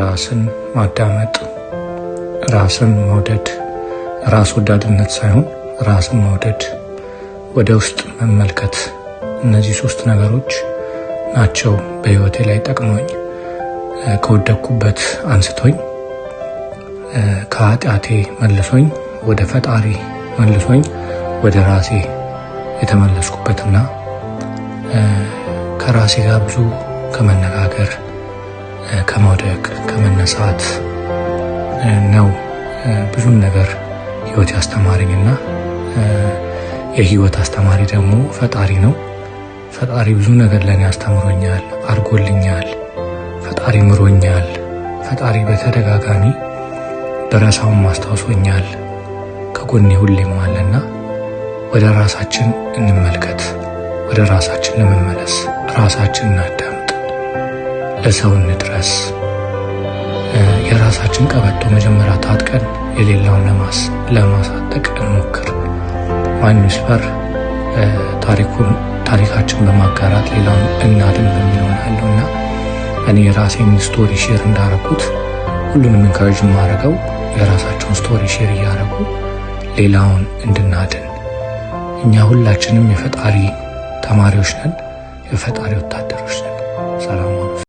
ራስን ማዳመጥ፣ ራስን መውደድ፣ ራስ ወዳድነት ሳይሆን ራስን መውደድ፣ ወደ ውስጥ መመልከት፣ እነዚህ ሶስት ነገሮች ናቸው በህይወቴ ላይ ጠቅመኝ ከወደኩበት አንስቶኝ ከኃጢአቴ መልሶኝ ወደ ፈጣሪ መልሶኝ ወደ ራሴ የተመለስኩበትና ከራሴ ጋር ብዙ ከመነጋገር ከመውደቅ ከመነሳት ነው ብዙን ነገር ህይወት ያስተማረኝና የህይወት አስተማሪ ደግሞ ፈጣሪ ነው። ፈጣሪ ብዙ ነገር ለእኔ አስተምሮኛል፣ አድርጎልኛል። ፈጣሪ ምሮኛል። ፈጣሪ በተደጋጋሚ በረሳውም አስታውሶኛል። ከጎኔ ሁሌም አለና ወደ ራሳችን እንመልከት፣ ወደ ራሳችን ለመመለስ ራሳችን እናዳ ለሰው እንድረስ የራሳችን ቀበቶ መጀመሪያ ታጥቀን የሌላውን ለማሳጠቅ እንሞክር። ዋን ኒውስፔፐር ታሪኩን ታሪካችን በማጋራት ሌላውን እናድን በሚል ሆናለሁ እና እኔ የራሴን ስቶሪ ሼር እንዳረጉት ሁሉንም ኢንካሬጅ የማደርገው የራሳቸውን ስቶሪ ሼር እያደረጉ ሌላውን እንድናድን። እኛ ሁላችንም የፈጣሪ ተማሪዎች ነን፣ የፈጣሪ ወታደሮች ነን። ሰላም